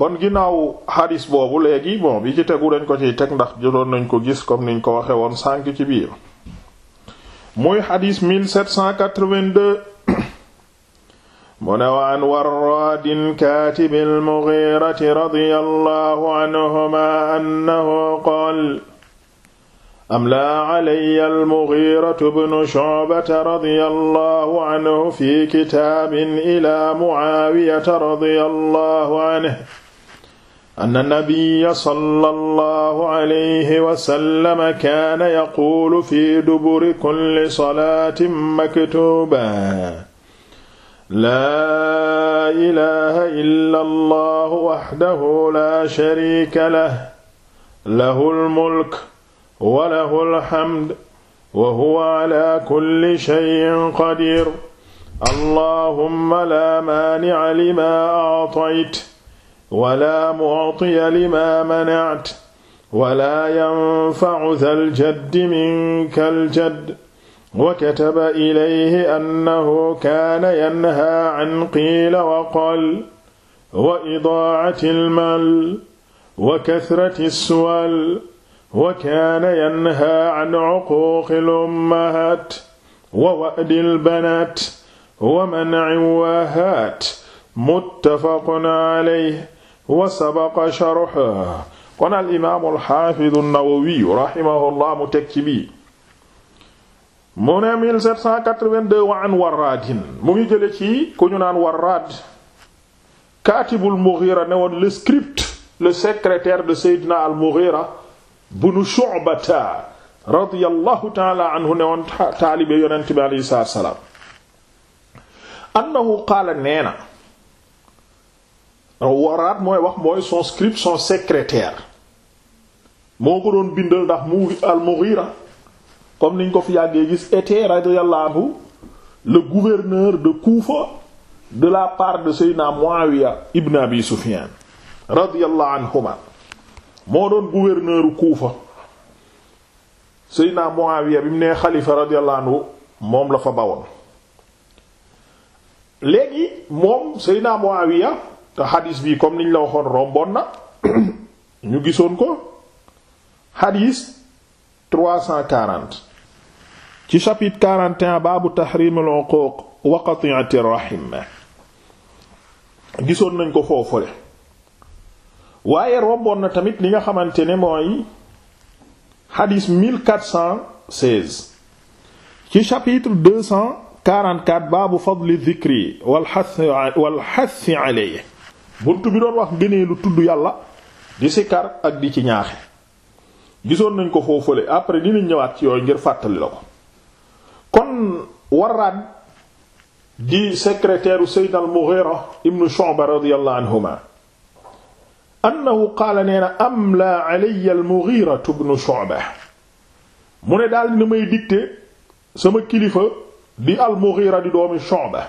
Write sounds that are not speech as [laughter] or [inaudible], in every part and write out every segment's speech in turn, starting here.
kon ginnaaw hadis boobu léegi bon bi ci tegu dañ ko ciy teg ndax jotoon nañ ko gis comme niñ ko waxe woon sànq ci biir muy hadis 1782 mu ne waan warraadin kaatibi almughirati radiyallahu anhuma annahu qaal amla alayya almughiratu bnu shu'bata radiyallahu anhu fi kitaabin ila muaawiyata radiyallahu anhu anna nabiyya sallallahu alayhi wa sallam kaana yaquulu fi duburi kulli salaatin maktuuba laa ilaha illa allahu waxdahu laa sharika lah lahul mulk wa lahul hamd wa huwa ala kulli shay'in qadiir allahumma laa maani'a limaa a'tayta wala mu'tiya lima mana'ta wala yanfa'u dhal jaddi minkal jadd wa kataba ilayhi annahu kaana yanha an qiila wa qal wa idaa'ati al-mal wa kathrati as-su'al wa kaana yanha an 'uquuqi al-ummahaat wa wa'di al-banaat wa man'i waahaat muttafaqun alayhi wa sabaqa sharhuhu kon al imaam al xaafiz an-Nawawi rahimahullah mu teg ci bii mu ne 1782 wa an Warraadin mu ngi jële ci ku ñu naan Warraad kaatibul Mughira ne woon le script le secrétaire de Seydina al Mughira bunu Shu'bata radiyallahu ta'ala anhu ne woon taalibe yonent bi alayhi salaam annahu qaala nee na waraat mooy wax mooy son scribe moo ko doon ndax mu comme niñ ko fi yàggee gis été radiyallahu anhu le gouverneur de Koufa de la part de Seydina Muawiya ibn Abi Sufyan radiyallahu moo doon gouverneur Koufa Seydina Muawiya bi mu nee xalifa radiyallahu moom la fa bawoon léegi moom Seydina Muawiya te xadis bi comme niñ la waxoon romboon na ñu gisoon ko xadis 340 ci chapitre 41 baabu tahrim al-uquq wa qati'ati rahim gisoon nañ ko foofule waaye romboon na tamit li nga xamante ne mooy xadis 1416 ci chapitre 244 baabu fadli dhikri wal hath wal hath alayhi bunt bi doon wax lu tudd yàlla di sikar ak di ci ñaaxe gisoon nañ ko foofule après dinañ ñëwaat ci yooyu ngir fàttali la ko kon warraad di secrétaire u seydna ibnu shu'ba radiyallahu anhuma annahu qaala nee na amla alayya al ibnu shu'ba mu ne daal dina may dicté sama kilifa di al di doomi shu'ba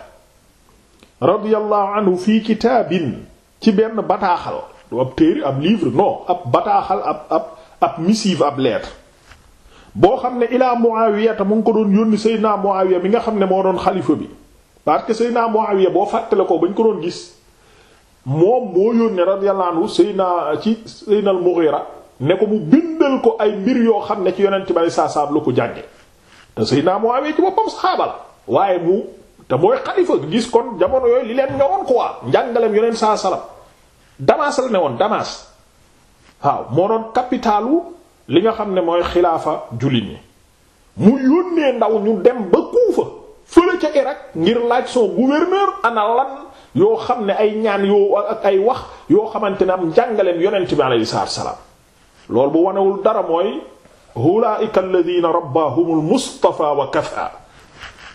radiyallahu anhu fi kitaabin ci benn bataaxal ab téere ab livre non ab bataaxal ab ab ab missive ab lettre boo xam ne ilaa Muawiya te mu ngi ko doon yónni Seydina Muawiya mi nga xam ne moo doon xalifa bi parce que Seydina Muawiya boo fàttale ko ba ñu ko doon gis moom moo yónni radiyallahu anhu Seydina ci Seydina al-Mughira ne ko mu bindal ko ay mbir yoo xam ne ci yonent bi saa saab la ko jànge te Seydina Muawiya ci boppam saxaaba waaye mu te mooy xalifa gis kon jamono yooyu li leen ñëwoon quoi njàngaleem yoneen saa salam Damas ne woon Damas waaw moo doon capitalu li nga xam ne mooy xilaafa jullit ñi mu yónnee ndaw ñu dem ba Kuufa fële ca Irak ngir laaj soo gouverneur ana yoo xam ne ay ñaan yoo ak ay wax yoo xamante ne am njàngaleem yonent bi alayhi salaatu salaam loolu bu wanewul dara mooy ulaa'ika alladhiina rabbahumul Mustafa wa kafa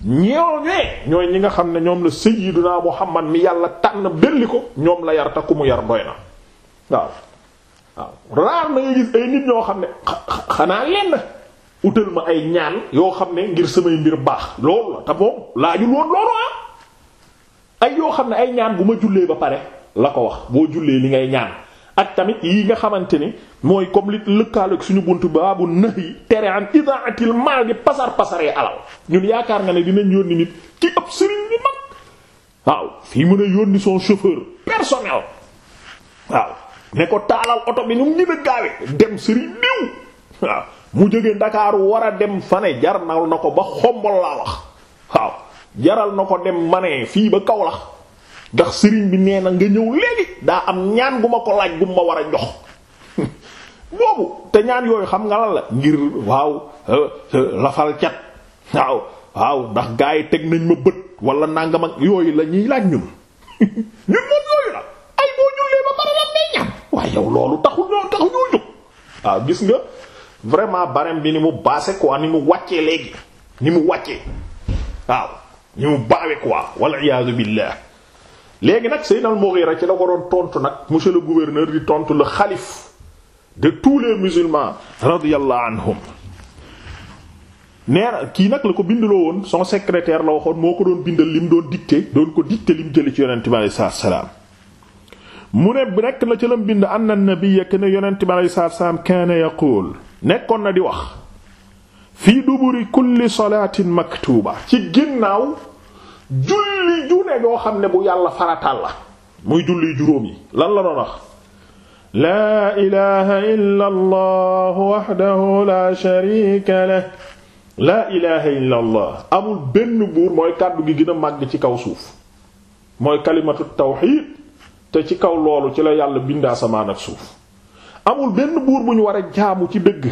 ñooñee ñooy ñi nga xam ne ñoom la sayyiduna Muhammad mi yàlla tànn belli ko ñoom la yar ta ku mu yar doy na waaw waaw raar na nga gis ay nit ñoo xam ne xanaa lenn utal ma ay ñaan yoo xam ne ngir samay mbir baax loolu la te moom laajul woon loolu ah ay yoo xam ne ay ñaan bu ma jullee ba pare la ko wax boo jullee li ngay ñaan ak tamit yi nga xamante ni mooy comme li lëkkaaleeg suñu buntu bu nëx yi tere an idaatil maal di pasar pasaree alal ñun yaakaar nga ne dinañ yónni nit ci ëpp sëriñ bi mag waaw fii mën a yónni son chauffeur personnel waaw ne ko taalal oto bi ñu ngi gën a dem sëriñ diw waaw mu jógee Dakar war a dem fa jar naw na ko ba xombal laa wax waaw jaral na ko dem manee fii ba kaw lax ndax sëriñ bi nee na nga ñëw léegi daa am ñaan gu ma ko laaj gu ma war a jox [laughs] boobu te ñaan yooyu xam nga lan la ngir waaw euh, euh, lafal cat waaw waaw ndax gaa yi teg nañ ma bët wala nangam ak yooyu la ñuy laaj ñun [laughs] ñun moom yooyu la ay boo jullee ba pare lan ngay ñaan waaye yow loolu taxul ñoo taxul ñoo jóg waaw gis nga vraiment barem bi ni mu baase quoi ni mu wàccee léegi ni mu wàccee waaw ni mu baawe quoi wal iyaazu billah léegi nag Seydina Mughira ci la ko doon tontu nag monsieur le gouverneur di tontu la xalif de tous les musulmans radiyallahu anhum nee na kii nag la ko bindaloo woon son secrétaire la waxoon moo ko doon bindal lim doon dicté doon ko dicté lim jële ci yonent bi alayhi salaatu salaam mu ne rekk la ca bind anna nabiyya kana yonent bi alayhi salaam kaana yaqul nekkoon na di wax fii duburi kulli salaatin maktuba ci ginnaaw julli ju ne yoo xam ne bu yàlla farataal la muy julli juróom yi lan la doon wax laa ilaha illa allah wahdahu la laa ilaha illa amul benn buur mooy kàddu gi gën a màgg ci kaw suuf mooy kalimatu tawxid te ci kaw loolu ci la yàlla bind asamaan ak suuf amul benn buur bu ñu war a jaamu ci dëgg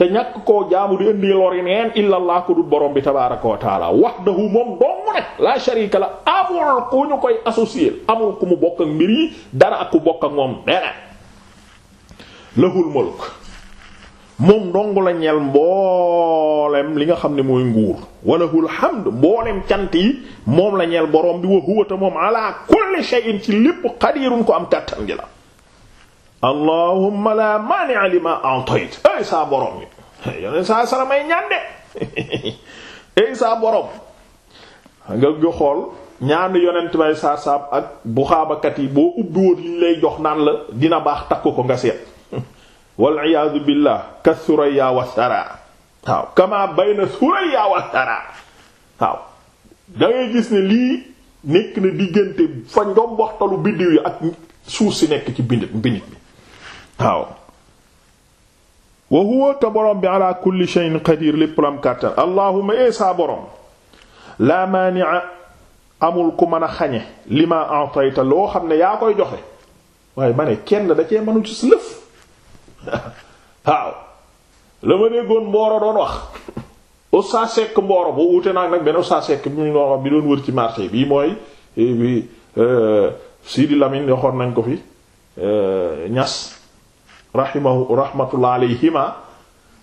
te ñàkk koo jaamu di indi lori neen illallah ku dul borom bi tabaaraka wa taala wahdahu moom dong rek la sharika la amul ku ñu koy associer amul ku mu bokk ak mbir yi dara ak ku bokk ak moom dara lahul mulk moom dong la ñeel mboolem li nga xam ne mooy nguur walahul hamd mboolem cant yi moom la ñeel borom bi wa huwa ta moom ala kulli shay'in ci lépp qadirun ko am kàttan gi la allahumma la maani'a lima a'tayt ay saa borom yi yoneen saa sara may ñaan de ay borom nga nga xool yonent bay saar saab ak buxaabakat yi boo ubbi woon liñ lay jox naan la dina baax takk ko nga seet wal iyaadu billah ka suraya wa sara waaw kama bayna suraya wa sara waaw da gis ne lii nekk na diggante fa njom biddiw yi ak suuf si nekk ci bindit bindit bi waaw wa huwa borom bi ala kulli shay'in qadir lépp lam kàttan allahuma eesaa eh borom laa maania amul ku mën a xañe lima a'tayta loo xam ne yaa koy joxe waaye ma ne kenn da cee mënu ci lëf [laughs] waaw la ma déggoon mbooro doon wax ussa sekk mbooro boo wute naag nag benn ussa sekk bi mu doon bi doon wër ci marché bii mooy eh, bi eh, Sidi Lamine waxoon nañ ko fi ñas rahimahu rahmatullah alayhima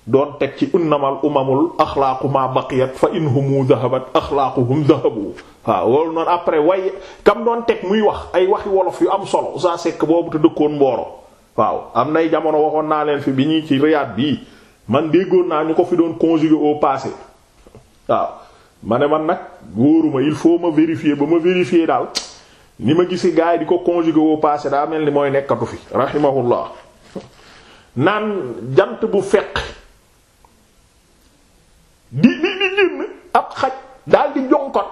doon teg ci innamal umamul axlaaqu ma baqiyat fa in humu dahabat axlaaquhum dahabu waaw loolu noonu après way kam doon teg muy wax ay waxi wolof yu am solo saa sekk boobu te dëkkoon mbooro waaw am nay jamono waxoon naa leen fi bi ñuy ci Riyad bi man déggoon naa ñu ko fi doon conjuguer au passé waaw ma ne man nag wóoruma il faut ma vérifier ba ma vérifier daal ni ma gisi gars yi di ko conjuguer au passé daa mel ni mooy nekkatu fi rahimahullah naan jant bu fekk di di di génn ab xaj daal di jonkot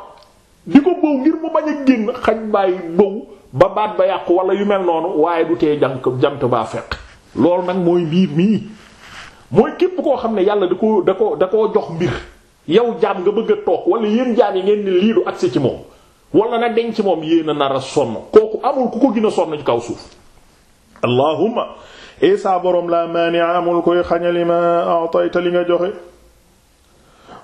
di ko bëw ngir mu bañ a génn xaj baay bëw ba baat ba yàqu wala yu mel noonu waaye du tee jant jant baa fekk loolu nag mooy mbir mii mooy képp koo xam ne yàlla da ko da ko da koo jox mbir yow jaam nga bëgg a toog wala yéen jaam yi ngeen ni lii du agsi ci moom wala na denc moom yéen a nar a sonn kooku amul ku ko gën a sonn ci kaw suuf allahumma e saa boroom laa maani amul koy xañali ma atayta li nga joxe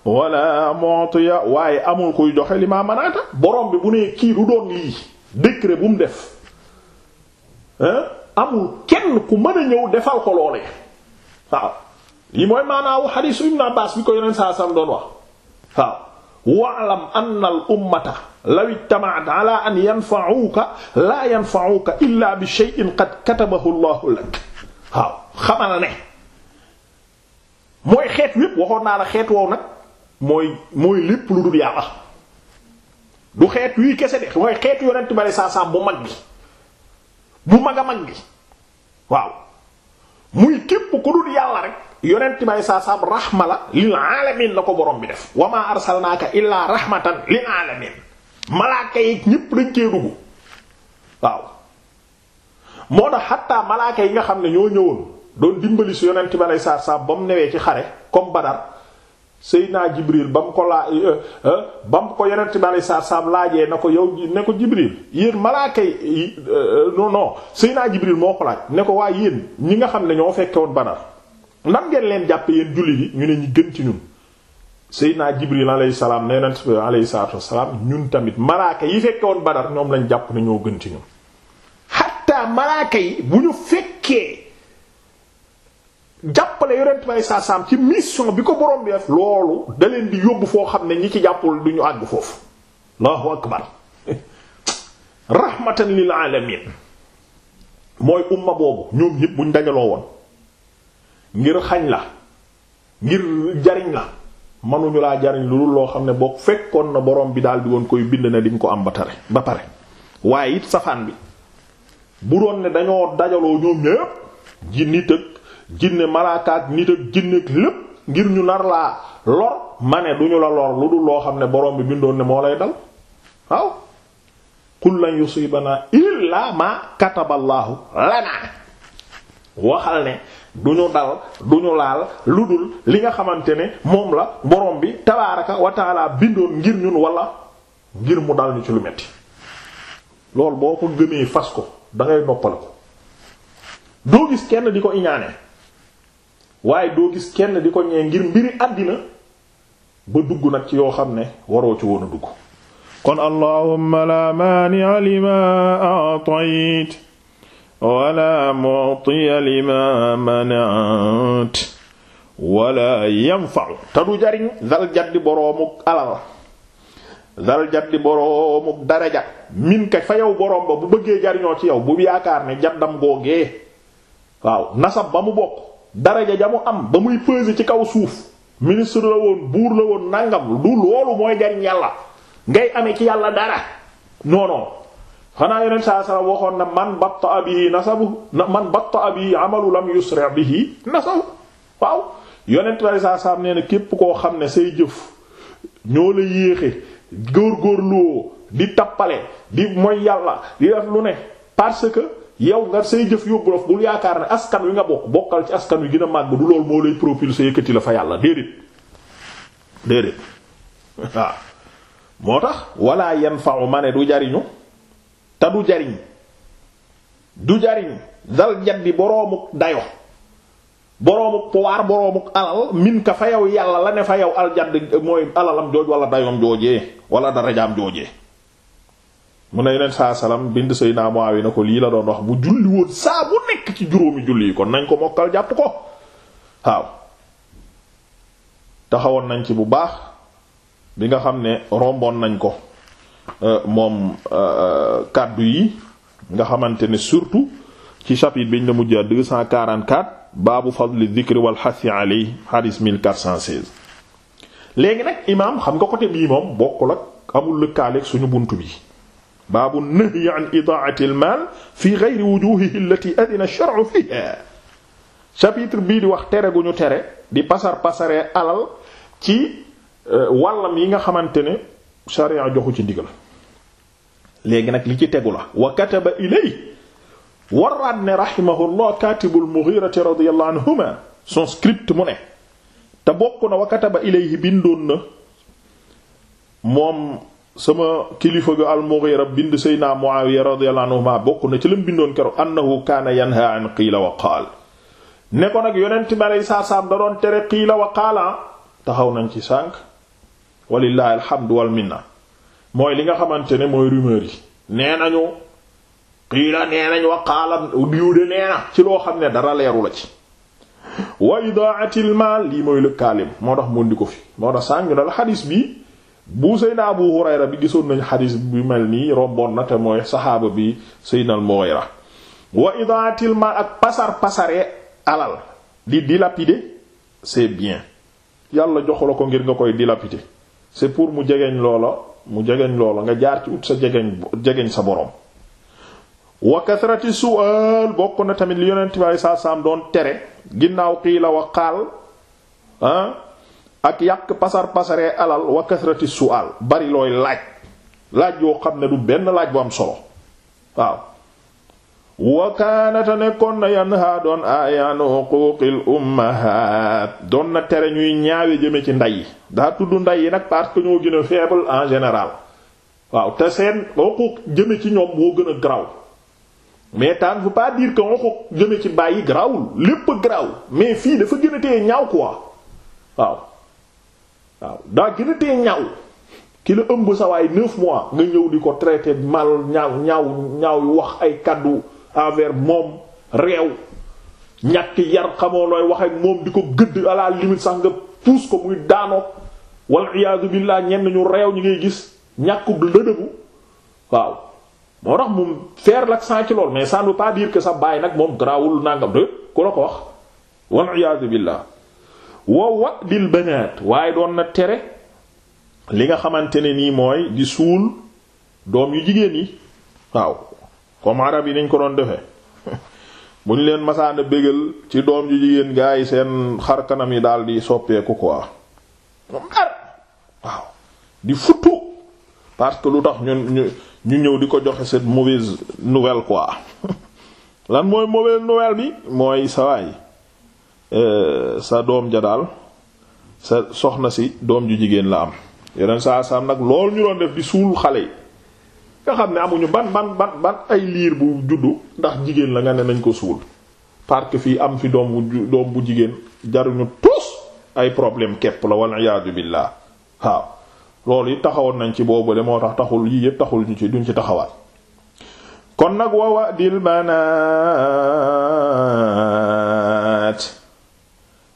wala mu'tiya waaye amul koy joxe li ma manaata borom bi bu ne kii du doon lii décret bu mu def amul kenn ku mën a ñëw defal ko loolee waaw lii mooy maanaawu xadiisu Ibn Abbaas bi ko yeneen saa sam doon wax waaw waalam anna al ummata law ijtama'at ala an yanfa'uka la yanfa'uka illa bi shay'in qad katabahu Allahu lak waaw xamal ne mooy xeet yépp waxoon naa la xeet wow nag mooy mooy lépp lu dul yàlla du xeet wii kese de mooy xeet yonent bari saa saa bu mag bi bu mag a mag bi waaw muy képp ku dul yàlla rek yonent bari saa saa rahma la lil alamin la ko borom bi def wa ma arsalnaaka illaa rahmatan lil alamin malaaka yi ñépp dañ cee dugg waaw moo tax xattaa malaaka yi nga xam ne ñoo ñëwoon doon dimbali si yonent bi alay saa saa ba mu newee ci xare comme Badar Seydina Jibril ba mu ko laa eh, eh, ba mu ko yonent bi alay saa saa laajee na ko yow ne ko Jibril yéen malaaka yi eh, non non Seydina Jibril moo ko laaj ne ko waaye yéen ñi nga xam ne ñoo fekke woon Badar nan ngeen leen jàpp yéen jullit yi ñu ne ñu gën ci ñun Seydina Jibril alayhi salaam ne yonent bi alayhi salaatu wassalaam ñun tamit malaaka yi fekke woon Badar lañ jàpp ne gën hatta malaaka yi bu ñu fekkee jàppale yonent bi saa saam ci mission bi ko borom bi def loolu da leen di yóbbu foo xam ne ñi ci jàppul du àgg foofu allahu akbar [laughs] rahmatan lil mooy umma boobu ñoom ñépp buñ dajaloo woon ngir xañ la ngir jariñ la mënuñu laa jariñ lu dul loo xam ne boo fekkoon na boroom bi daal di woon koy bind na di nga ko am ba tare ba pare waaye it safaan bi bu doon ne dañoo dajaloo ñoom ñépp ji nit ak jinne malaaka nit ak jinne ak lépp ngir ñu nar laa lor ma ne duñu la lor lu dul loo xam ne borom bi bindoon ne moo lay dal waaw qul lan yusibana waxal ne duñu dal duñu laal lu dul li nga xamante ne moom la borom bi tabaaraka wa bindoon ngir ñun wala ngir mu dal ñu ci lu metti loolu boo ko gëmee fas ko da ngay noppal ko doo gis kenn di ko iñaane waaye doo gis kenn di ko ñee ngir mbiri àddina ba dugg nag ci yoo xam ne waroo ci woon a dugg kon allahumma la maani'a lima a'tayt wala mu'tiya lima mana'at wala yanfa'u te du jariñ dal jaddi boroomu alal dal jaddi boroomu daraja min ka fa yow boroom ba bu bëggee jariñoo ci yow bu yaakaar ne jaddam googee waaw nasab ba mu bokk daraja ja mu am ba muy peser ci kaw suuf ministre la woon buur la woon nàngam du loolu mooy jariñ yàlla ngay ame ci yàlla dara non xanaa yeneen saa sara waxoon na man batta bihi nasabu man batta bihi amalu lam yusra bihi nasabu waaw yonent saa saa nee képp koo xam ne say jëf ñoo la yéexe góorgóorluwoo di tappale di mooy yàlla di def lu ne parce que yow nga say jëf yóbbu dof bul yaakaar ne askan wi nga bokk bokkal ci askan wi gën a màgg du loolu moo lay propulser yëkkati la fa yàlla déedéet déedéet [laughs] waaw moo tax walla yanfa'u ma ne du jariñu te du jariñ du jariñ dal jaddi boroomu dayo boroomuk pouvoir boroomuk alal min fa yow yàlla la ne fa yow aljadd mooy alalam jooj wala dayoom joojee wala darajaam joojee mu ne yeneen saa salaam bind Seydina Muawiya na ko lii la doon wax bu julli woon saa bu nekk ci juróomi julli yi kon nañ ko mokkal jàpp ko waaw taxawoon nañ ci bu baax bi nga xam ne romboon nañ ko euh, moom euh, kàddu yi nga xamante ne surtout ci chapitre biñ la mujjee 244 baabu fadli dhikri wal xasi aley hadis 1416 léegi nag imaam xam nga côté bii moom bokkul ak amul lëkkaaleeg suñu bunt bi baabu nahyi an idaa'ati al maal fi ghayri wujuhihi allati adina ash-shar'u fiha bii di wax tere gu ñu tere di pasar pasaree alal ci euh, wàllam yi nga xamante ne sharia joxu ci ndigal léegi nag li ci tegu la wa kataba ilay warraat ne rahimahullah kaatibul Mughirati radiyallahu anhuma son script mu ne te bokk na wa ba ilayhi bindoon na moom sama kilifa ga al-Mughira bind Seydina Muawiya radiyallahu anhuma bokk na ci lam bindoon keroog annahu kaana yanha an qiila wa qaal ne ko nag yonent bi aleyhi salaatu salaam da doon tere qiila wa qaala taxaw nañ ci sànq walillahi alhamdu wal minna mooy li nga xamante ne mooy rumeur yi nañu qiila nee nañ wa qaala diw nee na ci loo xam ne dara leeru la ci wa idaatil maal lii mooy lëkkaalim moo tax mun di ko fi moo tax sàngi na la xadis bi bu Seydina Abu Hurayra bi gisoon nañ xadis bi mel nii romboon na te mooy saxaaba bi Seydina al-Mughira wa idaatil maal ak pasar pasare alal di dilapider c'est bien yàlla joxu la ko ngir nga koy dilapider c'est pour mu jegeñ loola mu jegeñ loola nga jaar ci ut sa jegeñ sa borom wa kasrati su'al bokk na tamit li yonent bi saa saam doon tere ginnaaw xiila wa xaal ak yàq pasar pasaree alal wa kasrati su'al bari looy laaj laaj yoo xam ne du benn laaj bu am solo waaw wa nekkoon na yanha doon ayan huquuqil ummahat doon na tere ñuy ñaawe jëme ci ndey yi daa tudd ndey yi nag parce que ñoo gën faible en général waaw te seen huquuq jëme ci ñoom moo gën a graw mais ça ne veut nga ko jëme ci bàyyi grawul lépp graw mais fii dafa gën a tee ñaaw quoi waaw waaw daa gën ñaaw ki la ëmb sawaay waay mois nga ñëw di ko traité mal ñaaw ñaaw ñaaw yu wax ay kàddu envers moom réew ñàkk yar xamoo looy wax ak moom di ko gëdd à la limite sax nga puus ko muy daanoo wal iyaadu billah ñenn ñu réew ñi ngay gis ñàkk du waaw moo tax moom faire l'accent ci loolu mais ça ne veut pas dire que sa baay nag moom garaawul nangam de ku la ko wax wal iyaadu billah wa wa'dil banaat waaye doon nag tere li nga xamante ne nii mooy di suul doom yu jigéen yi waaw comme arab yi niñ ko doon defee [laughs] bu ñu leen masaana bégal ci doom yu jigéen gaa yi seen xar kanam yi daal di soppeeku quoi waaw di futtu parce que lu tax ñun ñu ñu ñëw di ko joxe cette mauvaise nouvelle quoi [laughs] lan mooy mauvaise nouvelle bi mooy sa waay euh, sa doom ja daal sa soxna si doom ju jigéen la am yeneen saa saam nag lool ñu doon def di suul xale yi nga xam ne amuñu ban ban ban ay liir bu juddu ndax jigéen la nga ne nañ ko suul parce fii am fi doom bu jigéen jaruñu tous ay problème kepp la wal iyaadu billah waaw loolu it taxawoon nañ ci boobule moo tax taxul yii yëpp taxul ñu ci duñ ci taxawaat kon nag wa wadil banaat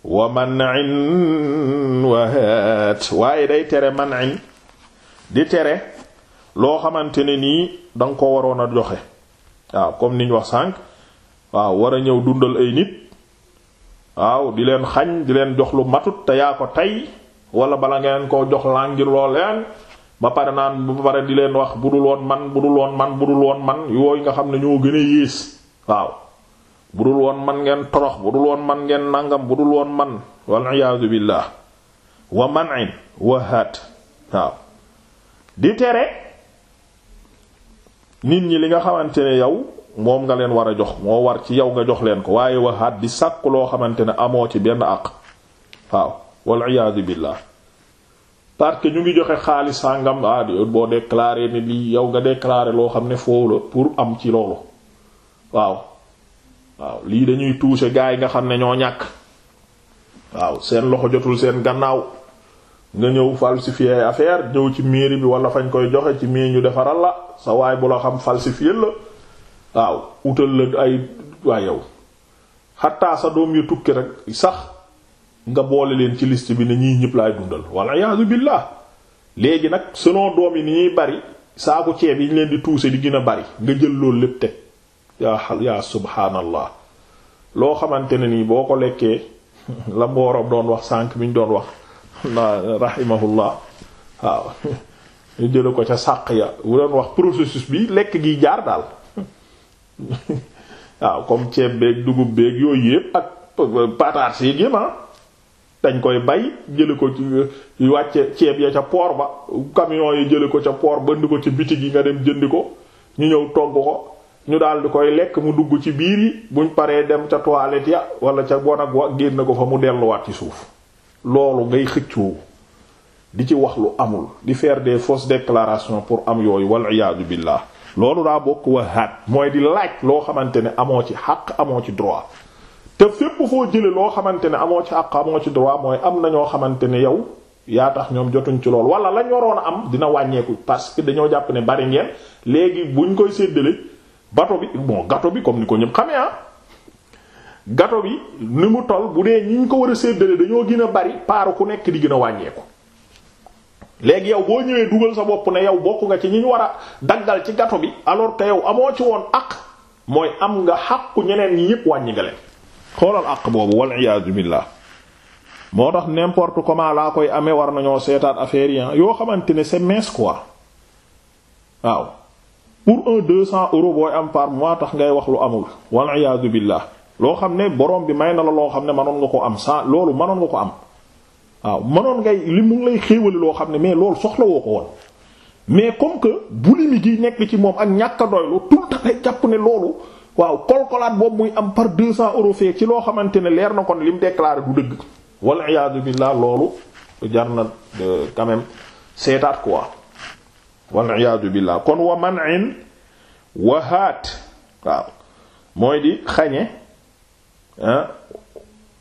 wa manin wahaat waaye day tere manin di tere loo xamante ne nii da ko waroon a joxe waaw comme niñ wax sànq waaw war ñëw dundal ay nit waaw di leen xañ di leen jox lu matut te yaa ko tey wala bala ngeen koo jox ngir loo leen ba pare naan ba pare di leen wax budul woon man budul woon man budul woon man yooyu nga xam ne ñoo gën a yées waaw budul woon man ngeen torox budul woon man ngeen nangam dul woon man wal iyaadu billah wa manin wa haat waaw di tere nit ñi li nga xamante ne yow moom nga leen war a jox moo war ci yow nga jox leen ko waaye wa haat di sàkk loo xamante ne amoo ci benn àq waaw wal iyaadu billah park ñu ngi joxe xaalis sàngam ah boo déclaré ne lii yow nga déclaré loo xam ne foofu pour am ci loolu waaw waaw lii dañuy toucher gars yi nga xam ne ñoo ñàkk waaw seen loxo jotul seen gannaaw nga ñëw falsifier affaire ñëw ci mairie bi wala fañ koy joxe ci mairie ñu defaral la sa waay bu la xam falsifier la waaw utal la ay waa yow xattaa sa doom yi tukki rek sax. nga boole leen ci list bi ni ñuy ñëpp laay dundal walla iyaazu billaah léegi nag selon doom yi ni ñuy bari saaku ceeb yi ñu leen di tuuse di gën a bari nga jël loolu lépp teg yaa yaa subhaanallah loo xamante ne nii boo ko lekkee [laughs] la mboorom doon wax sànq bi ñu doon wax [laughs] rahimahullah waaw [laughs] ñu jële ko ca sàq ya wu doon wax processus bi lekk gi jaar daal waaw comme ceeb beeg dugub beeg yooyu yépp ak pataar seeg yépp ah. dañ koy bay jële ko ci euh, wàcce ceeb ya ca poor ba camion yi jële ko ca port bënd ko ci bitig yi nga dem jënd ko ñu ñëw togg ko ñu daal di koy lekk mu dugg ci biir yi buñ paree dem ca toilette ya wala ca bon ak wa génn ko fa mu delluwaat ci suuf loolu ngay xëccoo di ci wax lu amul di fair des fausses déclarations pour am yooyu wal iyaadu billah loolu daa bokk wa haat mooy di laaj loo xamante ne amoo ci xaq amoo ci droit te fépp foo jële loo xamante ne amoo ci àq amoo ci droit mooy am na ñoo xamante ne yow yaa tax ñoom jotuñ ci lool wala lañ waroon a am dina wàññeeku parce que dañoo jàpp ne bari ngeen léegi buñ koy séddalee bato bi bon gato bi comme ni ko ñëpp xamee ah gato bi ni mu toll bu dee ñi ko war a séddalee dañoo gën a bari paaru ku nekk di gën a wàññeeku léegi yow boo ñëwee dugal sa bopp ne yow bokk nga ci ñi ñu war a daggal ci gato bi alors que yow amoo ci woon àq mooy am nga xàqu ñeneen ñi yépp wàññi xoolal àq boobu wal iyaazu billah moo tax n'importe comment laa koy amee war nañoo seetaat affaire yi ah, yoo xamante ne c'est mince quoi waaw pour un deux cents euros booy am par mois tax ngay wax lu amul wal iyaazu billah loo xam ne borom bi may na la loo xam ne mënoon nga ko am sa loolu mënoon nga ko am waaw mënoon ngay li mu ngi lay xéewali loo xam ne mais loolu soxla woo ko woon mais comme que bu limi gi nekk ci moom ak ñàkk a doylu tout à fait jàpp ne loolu waaw kolkolaat boobu muy am par deux cents euros fee ci loo xamante ne leer na kon li mu déclaré du dëgg wal iyaadu billah loolu jar na euh, quand même seetaat quoi wal iyaadu billah kon wa manin wahaat waaw mooy di xañe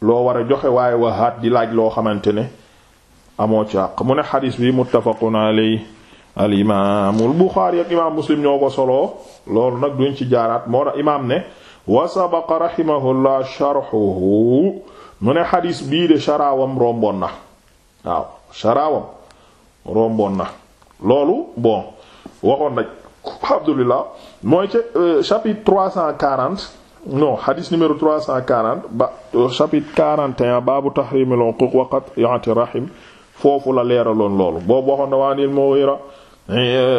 loo war a joxe waaye wahaat di laaj loo xamante ne amoo ci àq mu ne xadis bi muttafaqun alayhi al imaamul Buxaari ak imaam Muslim ñoo ko solo loolu nag duñ ci jaaraat moo tax imaam ne wa sabaqa rahimahullah sharhuhu mu ne xadiis bii de sharaawam romboon na waaw sharaawam romboon na loolu bon waxoon nag alhamdulillah mooy ca euh, chapitre 340 non xadis numéro 340 ba euh, chapitre baabu tahrimil uquq wa qat'ati rahim foofu la leeraloon loolu boobu waxoon na waan al-Mughira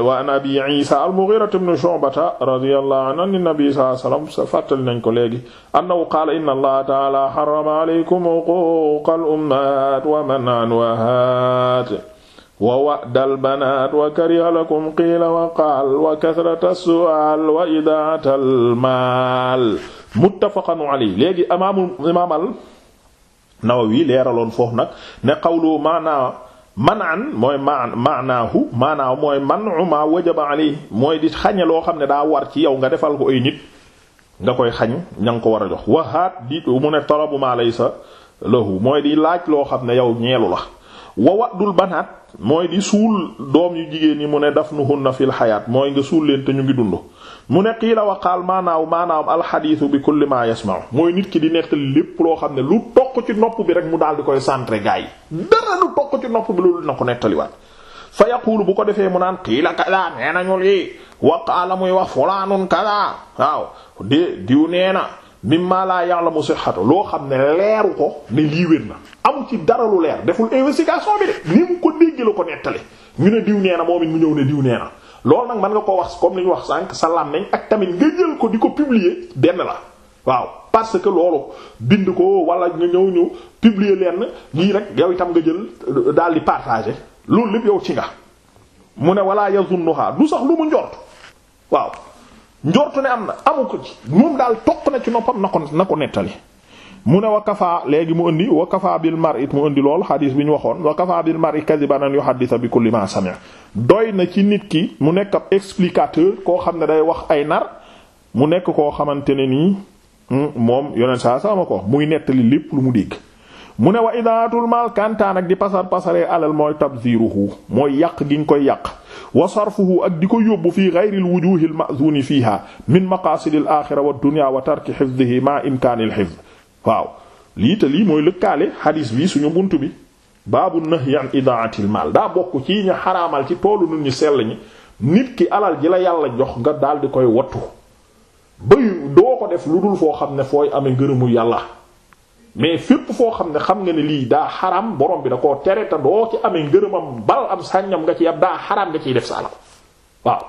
wa an abi Isa al-Mughira ibn Shu'bata radiyallahu anhu an nabi sallallahu alayhi wasallam fàttali nañ ko léegi annahu qaala inna allaha ta'ala harrama alaykum uquuqa al-ummahat wa man'an wahaat wa wa'dal banaat wa kariha lakum qiila wa qaal wa kasrata su'aal wa idaatal maal muttafaqun alayhi léegi imaamul imaamal wii leeraloon foofu nag ne qawlu maanaa manaan mooy maan maanaahu maanaahu mooy man ma wajaba alay mooy di xañe loo xam ne daa war ci yow nga defal ko ay nit nga koy xañ ña nga ko war a jox wahaat di mu ne talabu ma laysa lahu mooy di laaj loo xam ne yow ñeelu la wawadul banaat mooy di suul doom yu jigéen yi mu ne dafnuhunna fil xayaat mooy nga suul leen te ñu ngi dund mu ne qiila wax qaal maanaaw maanaam alxadiisu bi kulli ma yasma'u mooy nit ki di nettali lépp loo xam ne lu toq ci nopp bi rek mu daal di koy centré gaa yi dara lu toq ci nopp bi loolu dina ko nettaliwaat fa yaquulu bu ko defee mu naan qiila kada nee nañu lii wa qaala muy wax fulaanun kada waaw de diw nee na mimma la ya'lamu sihhatu loo xam ne leeru ko ne lii wér na amu ci dara lu leer deful investigation bi ni mu ko dégg la ko nettali ñu ne diw nee na moom it mu ñëw ne diw nee na loolu nag mën nga ko wax comme li ñu wax sànq sa làmmiñ ak tamit nga jël ko di ko publier benn la waaw parce que loolu bind ko wala nga ñëw ñu publier lenn lii rek yow itam nga jël euh, daal di partager loolu lépp yow ci nga mu ne wala yazunnuha du sax lu mu njort waaw njort ne am na amu ko ci moom daal toq na ci noppam na ko na ko nettali mu ne wa kafa léegi mu indi wa kafa bil mar'i indi lool xadis bi ñu waxoon wa kafa bil mar'i kadiban an yuhaddisa bi kulli ma na ci nit ki mu nekk ab explicateur koo xam ne day wax ay nar mu nekk koo xamante ne nii hmm, moom yoneen saa sama ko muy nettali lépp lu mu dégg mu ne wa idaatul mal kantaan ak di pasar pasaree alal mooy tabziruhu mooy yàq gi nga koy yàq wa sarfuhu ak di ko yóbbu fii ghayril wujuhil ma'zuni fiha min maqasidil akhirah wad dunya wa tarki hifdhihi ma imkanil hifdh waaw lii te mooy lëkkaale xadiis bi suñu bunt bi baabu nahyi an idaatil maal daa bokk ci ñu xaraamal ci toolu nit ñu sell ñi nit ki alal ji la yàlla jox nga daal di koy wattu bay doo ko def lu dul foo xam ne fooy amee ngërëmu yàlla mais fépp foo xam ne xam nga ne lii daa xaram borom bi da koo tere te doo ci amee ngërëmam bal am sàññam nga ci ab daa xaram nga ciy def sa alal waaw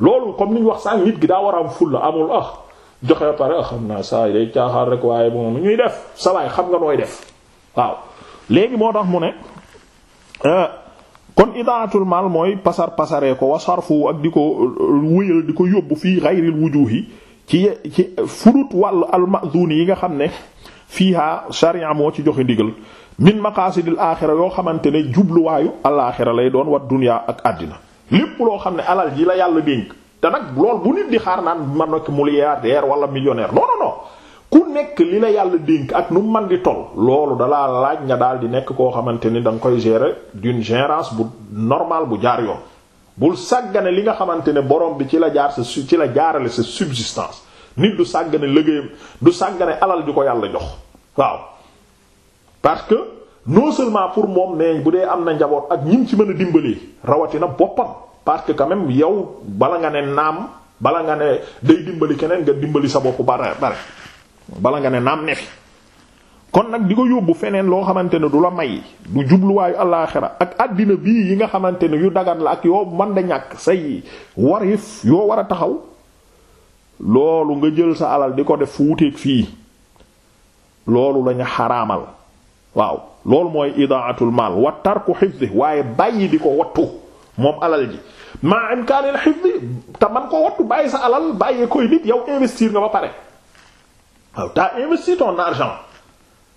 loolu comme ni ñu wax sànq nit gi daa war a am fulla amul ah joxe pare xam naa saa yi day caaxaar rek waaye moom ñuy def sa xam nga nooy def waaw léegi moo tax mu ne euh, kon idaatul mal mooy pasar pasaree ko sarfu ak di ko euh, wëyal di ko yóbbu fii xayril wujuhi ci ci furut wàll almazuni yi nga xam ne fiiha sharia moo ci joxe ndigal min maqasidil aaxira yoo xamante ne jubluwaayu alaaxira lay doon wat duniyaa ak àddina lépp loo xam ne alal ji la yàlla dénk te nag lool bu nit di xaar naan man nag milliardaire wala millionnaire non non non ku nekk li la yàlla dénk ak nu man di toll loolu dalaa laaj nga daal di nekk koo xamante ni danga nga koy gérer d'une gérance bu normal bu jaar yoon bul sàggane li nga xamante ne borom bi ci la jaar sa ci la jaarale sa subsistance nit du sàggane liggéeyam du sàggane alal ju ko yàlla jox waaw parce que non seulement pour moom nee bu dee am na njaboot ak ñim ci mën a dimbalee rawatina boppam parce que quand même yow bala nga ne naam bala nga ne day dimbali keneen nga dimbali sa bopp bare bare bala nga ne naam ne fi kon nag di ko yóbbu feneen loo xamante ne du la may du jubluwaayu alaaxira ak àddina bii yi nga xamante ne yu dagan la ak yoo man da ñàkk say warif yoo war a taxaw loolu nga jël sa alal di ko def fu wuteeg fii loolu lañu xaraamal waaw loolu mooy idaatul maal wa tarku xifdi waaye bàyyi di ko wattu moom alal ji maa imkaanil hifdi te man ko wottu bàyyi sa alal bàyyee koy nit yow investir nga ba pare waaw t'as investi ton argent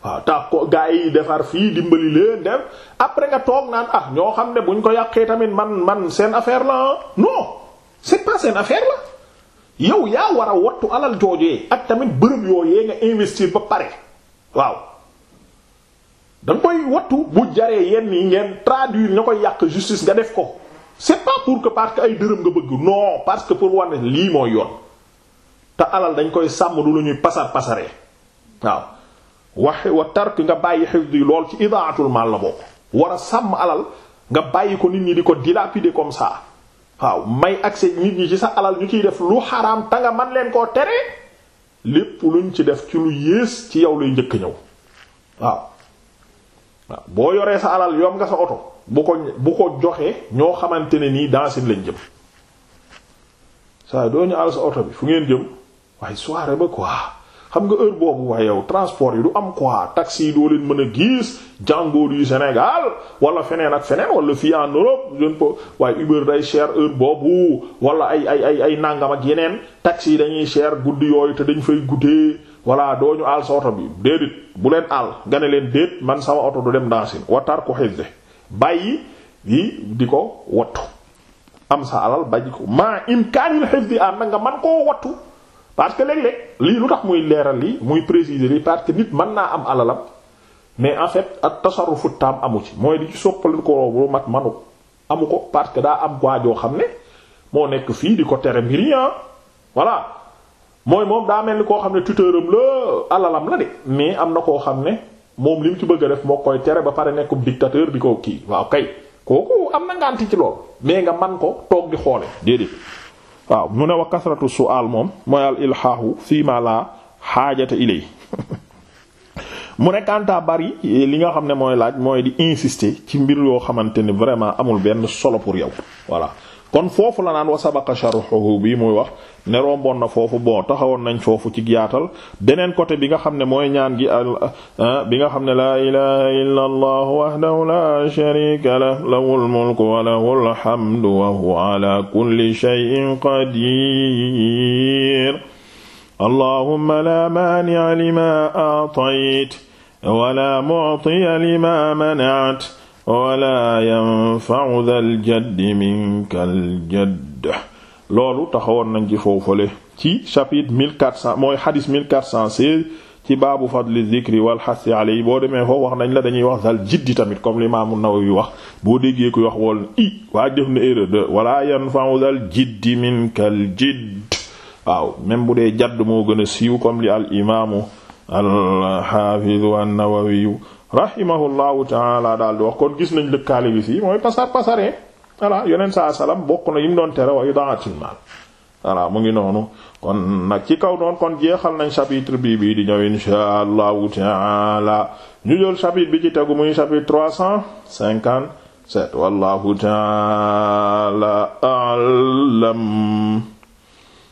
waaw tax ko gaa yi defar fii dimbali leen def après nga toog naan ah ñoo xam ne buñ ko yàqee tamit man man seen affaire la ah. non c'est pas seen affaire la yow yaa war a wattu alal joojee ak tamit bërëb yooyee nga investir ba pare waaw danga koy wattu bu jaree yenn yi ngeen traduire ña koy yàq justice nga def ko c'est pas pour que parce que ay dërëm nga bëgg noo parce que pour wane lii mooy yoon te alal dañ koy sàmm du lu ñuy pasar pasaree waaw waxe wa tark nga bàyyi xifd yi lool ci idaatul mal la bokk war a sàmm alal nga bàyyi ko nit ñi di ko dilapider comme saa waaw may accès nit ñi ci sa alal ñu ciy def lu xaraam ta nga man leen koo tere lépp luñ ci def ci lu yées ci yow lay njëkk ñëw waaw boo yoree sa alal yom nga sa oto bu ko bu ko joxee ñoo xamante ne nii dansin lañ jëm saa doo ñu àll sa oto bi fu ngeen jëm waaye soirée ba quoi xam nga heure boobu waaye yow transport yi du am quoi taxi yi doo leen mën a gis Django yu Sénégal wala feneen ak feneen wala fii en Europe je ne peux waaye Uber cher heure boobu wala ay ay ay ay nangam yeneen taxi yi dañuy cher guddi yooyu te dañ fay guddee voilà doo ñu bi déedéet bu leen àll nga ne leen déet man sama oto du dem dansin watar ko xëy bàyyi yi di ko wattu am sa alal bañ ko maa imkaanil hifdi ànd ah, nga man koo wattu parce que léeg-léeg lii lu tax muy leeral lii muy préciser lii parce que nit mën naa am alalam mais en fait ak tasarrufu taam amu ci mooy di ci soppali ko bu mat manu amu ko parce que daa am waajoo xam ne moo nekk fii di ko tere mbir yi ah. voilà mooy moom daa mel ni koo xam ne tuteur am la alalam la de mais am na koo xam ne. moom li mu ci bëgg a def moo koy tere ba pare nekkub dictateur di ko kii waaw kay kooku am na ngànti ci lool mais nga man ko toog di xoole déedéet waaw mu ne wa kasratu su'al moom mooy al ilhaahu fii ma la xaajata ilay [laughs] mu ne kanta bari li nga xam ne mooy laaj mooy di insister ci mbir yoo xamante ni vraiment amul benn solo pour yow voilà kon foofu la naan wa sabaqa sharhuhu bi muy wax ne romboon na foofu bon taxawoon nañ foofu ci yaatal beneen côté bi nga xam ne mooy ñaan gi al ah, bi nga xam ne laa ilaha illa allah wahdahu la sharika lah lahul mulku wa lahul hamdu wa huwa ala kulli shay'in qadir allahumma la mani'a lima a'tayt wa la mu'tiya lima mana'ta wala yanfa'u dhal jaddi minkal jadd loolu taxawoon nañ ci foofale ci chapitre 1400 mooy cent 1416 ci baabu fadli zikri wal xasi alayhi boo demee foofu wax nañ la dañuy wax dhal jiddi tamit comme li Imaamu Nawawi wax boo déggee koy wax wool i waaj def na erreur de wala yanfa'u dhal jiddi minkal jidd waaw même bu dee jadd moo gën a siiw comme li al imaamu al xaafizu an-Nawawi rahimahullahu taala daal di wax kon gis nañ lëkkaale bi fii mooy pasar pasaree voilà yonent saa salaam bokk na yi doon tere wa idaatul maal voilà mu ngi noonu kon nag ci kaw noonu kon jeexal nañ chapitre bii bii di ñëw insha allahu taala ñu jël chapitre bi ci tegu muy chapitre trois cent cinquante sept wallahu taala alam